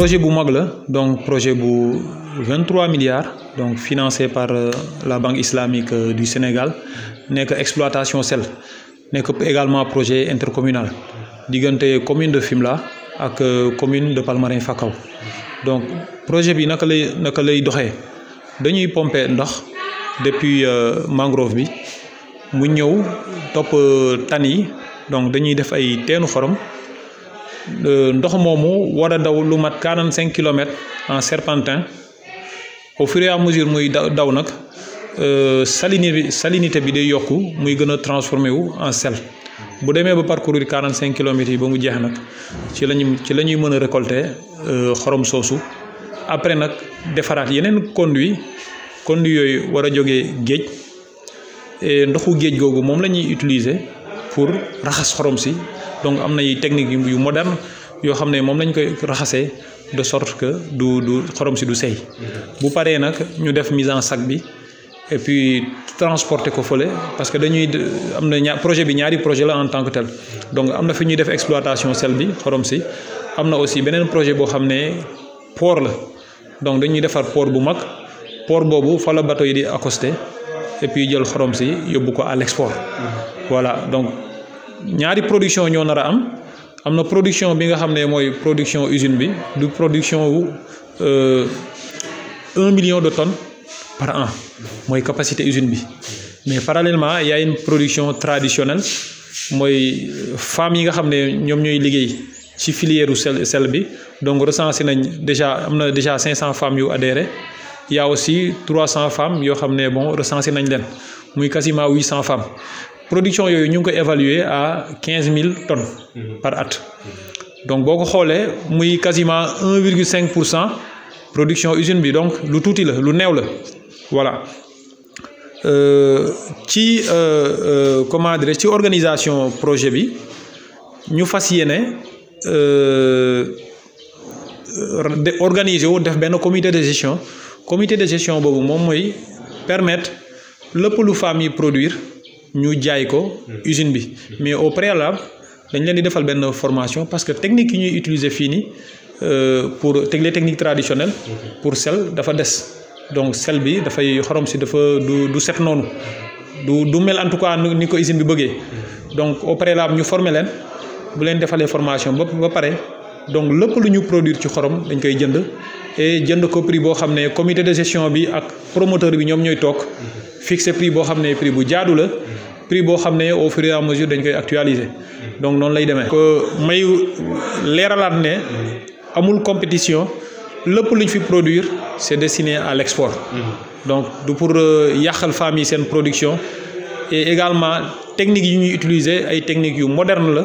projet Boumagle, donc projet de 23 milliards donc financé par euh, la banque islamique euh, du Sénégal n'est qu'une exploitation n'est que également projet intercommunal une commune de et ak euh, commune de Palmarin Fakao donc projet bi depuis mangrove bi mu Tani, donc euh, ndox moomu war a daw lu mat quarante cinq kilomètres en serpentin au fur et à mesure muy daw daw nag euh, salinité bi salinité bi day yokku muy gën a transformé wu en sel bu demee ba parcourir 45 cinq kilomètres yi ba mu jeex nag ci la ñu ci la ñuy mën a récolter euh, xorom soosu après nag defaraat yeneen conduit conduit yooyu war a jógee géej ndoxu géej googu moom la ñuy utiliser pour raxas xorom si donc am na technique techniques yu moderne yoo xam ne moom lañ koy raxasee de sorte que du du xorom si du sey bu paree nag ñu def mise en sac bi et puis transporter ko fële parce que dañuy am na projet bi ñaari projet la en tant que tel donc am na fi ñuy def exploitation sel bi xorom si am na aussi beneen projet boo xam ne port la donc dañuy defar port bu mag port boobu fa la bateau yi di accosté et puis jël xorom si yóbbu ko à l'export voilà donc ñaari production ñoo production am amna production bi nga xamné moy production usine bi du production wu 1 euh, million de tonnes par an la capacité usine bi mais parallèlement il y a une production traditionnelle Les euh, femmes sont nga xamné ñom ñoy liggéey ci filière sel bi donc recensé nañ déjà déjà 500 femmes yu adhéré y a aussi 300 femmes qui xamné bon recensé nañ leen muy quasiment 800 femmes production est ñu à 15 000 tonnes. par at. donc boo ko quasiment 1,5% production usine donc lu tuuti la lu la voilà. Euh, ci euh, euh, comment dire ci organisation projet bi ñu fas organiser def comité de gestion comité de gestion boobu moom permettre le lu femmes produire ñu jaay ko hmm. usine bi mais au préalable dañ leen di defal benn formation parce que technique yi ñuy utiliser fini euh, pour les techniques traditionnelles pour sel dafa dess donc sel bi dafay xorom ci dafa du du set nonu du du mel en tout cas niko usine bi bëggee hmm. donc au préalable ñu former leen bu leen defalé formation ba ba pare donc lepp lu ñu produire ci xorom dañ koy jënd et jënd ko prix boo xam ne comité de gestion bi ak promoteur bi ñoom ñooy toog fixer prix boo xam ne prix bu jaadu la prix boo xam ne au fur et à mesure dañ koy actualiser donc noonu lay demee. que may leeralaat ne amul compétition lépp luñ fi produire c'est destiné à l'export. donc du pour euh, yàqal femmes yi seen production et également techniques yi ñuy utiliser ay techniques yu moderne la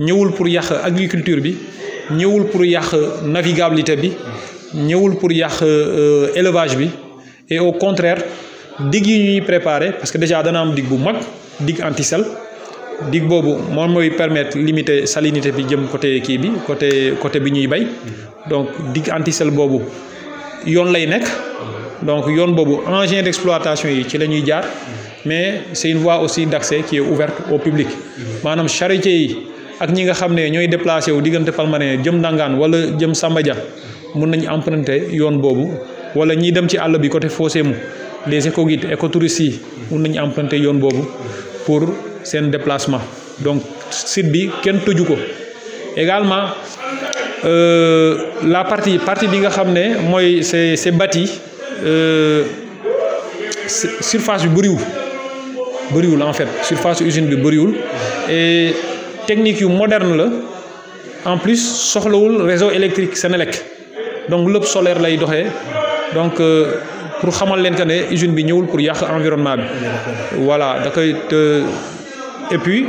ñëwul pour yàq agriculture bi ñëwul pour yàq navigabilité bi ñëwul pour yàq euh, élevage bi et au contraire digue yi ñuy préparer parce que déjà dana am digue bu mag digue anti-sel digue boobu moom mooy permettre limiter salinité bi jëm côté kii bi côté côté bi ñuy bay donc dig anti-sel boobu yoon lay nekk donc yoon boobu engin d'exploitation yi ci la ñuy jaar mais c'est une voie aussi d'accès qui est ouverte au public maanaam charité yi ak ñi nga xam ne ñooy déplacé wu diggante Palmarin jëm Ndangaan wala jëm Samba mën nañu emprunter yoon boobu wala ñi dem ci àll bi côté Fossémou les éco guide écotouristes yi mun nañu emprunter yoon boobu pour seen déplacement donc site bi kenn tëju ko également euh, la partie partie bi nga xam ne mooy euh, c'est c'est bâti surface bi bëriwul bëriwul en fait surface usine bi bëriwul et technique yu moderne la en plus soxlawul réseau électrique Senelec donc le solaire lay doxee donc euh, pour xamal leen que ne usine bi ñewul pour yàq environnement bi voilà da kay te et puis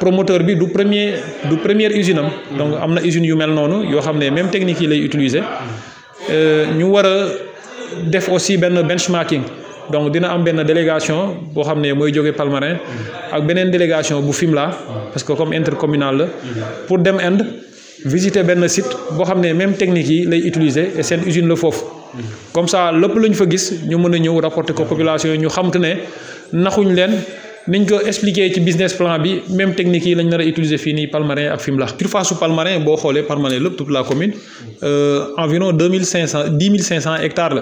promoteur bi du premier du première usine donc amna une usine yu mel noonu yo xamné même technique yi lay utiliser euh, ñu wara def aussi un benchmarking donc dina am une délégation bo xamné moy mooy Palmarin ak benen délégation bu la parce que comme intercommunal pour dem endroits, visiter le site vous xamné même technique yi lay utiliser et une usine le fof comme ça nous luñ fa gis ñu mëna rapporter ko population nous ñu xam que naxuñ niñ ko expliquer ci business plan bi même technique yi lañ utilisée utiliser fini Palmarin ak Fimela. surface su Palmarin bo xolé Palmarin lepp toute la commune euh, environ 2500, 500 hectares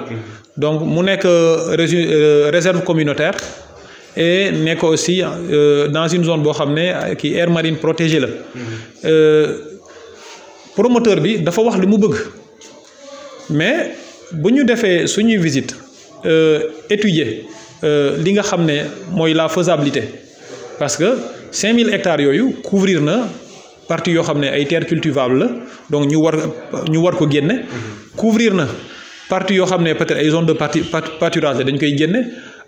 Donc, donc mu une euh, euh, réserve communautaire. et sommes aussi dans une zone qui est qui air marine protégée mmh promoteur bi dafa wax li bëgg mais visite étudier la faisabilité parce que 5000 hectares couvrir partie terres cultivables donc ñu war ñu war couvrir partie de pâturage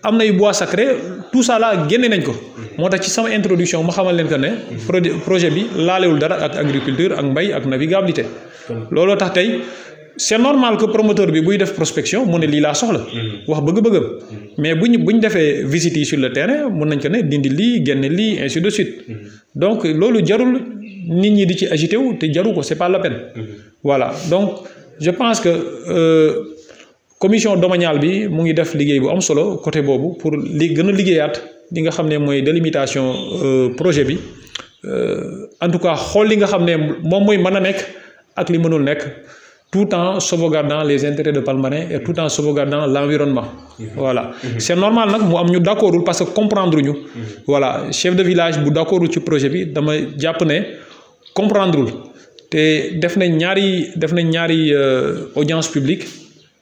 am nay bois sacré tout ça là génne nañ ko motax ci sama introduction ma xamal leen que né projet bi laalewul dara ak agriculture ak mbay ak navigabilité lolo tax tay c'est normal que promoteur bi buy def prospection mo ne li la soxla wax bëgg-bëggam mais buñ buñ défé visite sur le terrain mo nañ ko né dindi li génne li ainsi de suite donc lolo jarul nit ñi di ci agité wu te jaru ko c'est pas la peine voilà donc je pense que euh, commission domaniale bi mu ngi def liggéey bu am solo côté boobu pour li gën a liggéeyaat li nga xam ne mooy délimitation euh, projet bi euh, en tout cas xool li nga xam ne moom mooy mën a nekk ak li mënul nekk tout en sauvegardant les intérêts de Palmarin et tout en sauvegardant l'environnement. Voilà. Mm-hmm. C'est normal nag mu am ñu d'accordul parce que comprendre ñu. Mm-hmm. voilà chef de village bu d'accordul ci projet bi dama jàpp ne comprendrewul te def nañ ñaari def nañ ñaari euh, audience publique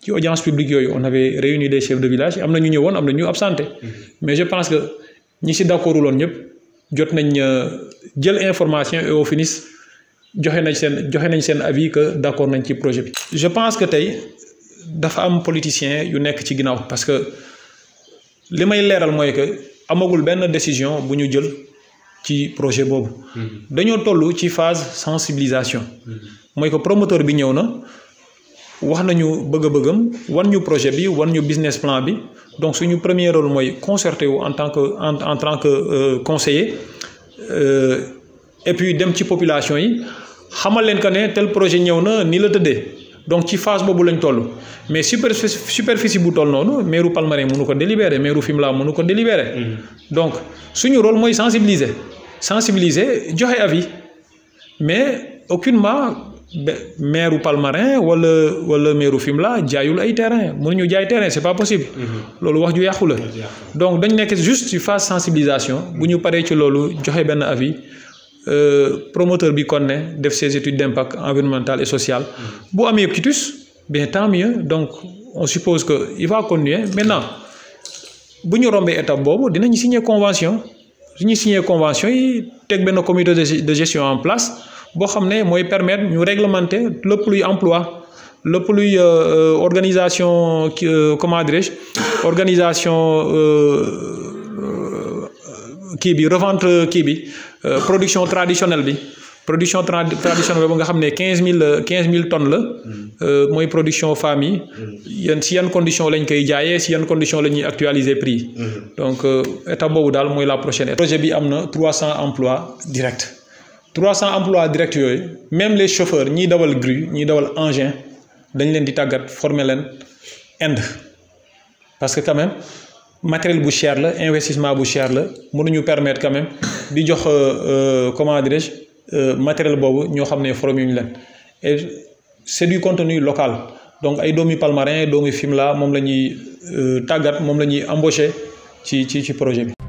ci audience publique yooyu on avait réuni des chefs de village am na ñu ñëwoon am na ñu absenté mm-hmm. mais je pense que ñi si d'accordu loon ñëpp jot nañ euh, jël information et au finis joxe nañ seen joxe nañ seen avis que d'accord nañ ci projet bi. je pense que tey dafa am politicien yu nekk ci ginnaaw parce que li may leeral mooy que amagul benn décision bu ñu jël ci projet boobu. Mm-hmm. dañoo toll ci phase sensibilisation. Mm-hmm. mooy que promoteur bi ñëw na wax nañu bëgg-bëggam wan ñu projet bi wan ñu business plan bi donc suñu premier rôle mooy concerté wu en tant que en en tant que euh, conseiller euh, et puis dem ci population yi xamal leen que ne tel projet ñëw na ni la tëddee donc ci phase boobu lañ toll mais superficie superficie bu toll noonu meeru Palmarin mënu ko délibéré meeru fimla mënu ko délibéré. Mm-hmm. donc suñu rôle mooy sensibiliser sensibiliser joxe avis mais aucunement maire Palmarin wala wala maire fimla jaayul ay terrain mënuñu jaay terrain c'est pas possible. Mhm. lolu wax ju yàqu la. donc dañ nek juste ci phase sensibilisation. Mhm. buñu paré ci lolu joxé ben avis euh, promoteur bi kon def ses études d'impact environnemental et social. Mhm. bu amee quitus bien tant mieux donc on suppose que il va continuer maintenant buñu rombé étape bobu dinañ signer convention ñi signé signer convention yi teg un comité de gestion en place boo xam permettre ñu réglementer le luy emploi lepp luy euh, euh, organisation euh, comment dirais-je organisation qui bi revente qui bi production traditionnelle bi production traditionnelle boobu nga xamné 15000 15000 tonnes la hmm. mooy production famille hmm. yi si yan condition lañ koy jaayé si yan condition la actualiser prix hmm. donc étape bobu dal moy la prochaine projet bi amna 300 emplois directs 300 emplois directs même les chauffeurs ñiy dawal grue ni dawal engin dañ leen di tàggat former leen parce que quand même matériel bu cher la investissement bu cher la mënuñu permettre quand même di jox euh, euh, comment dirais-je euh, matériel boobu nous avons ne forom leen et c'est du contenu local donc ay domi Palmarin doomi Fimela films la ñuy tàggat moom la ñuy embaucher ci ci ci projet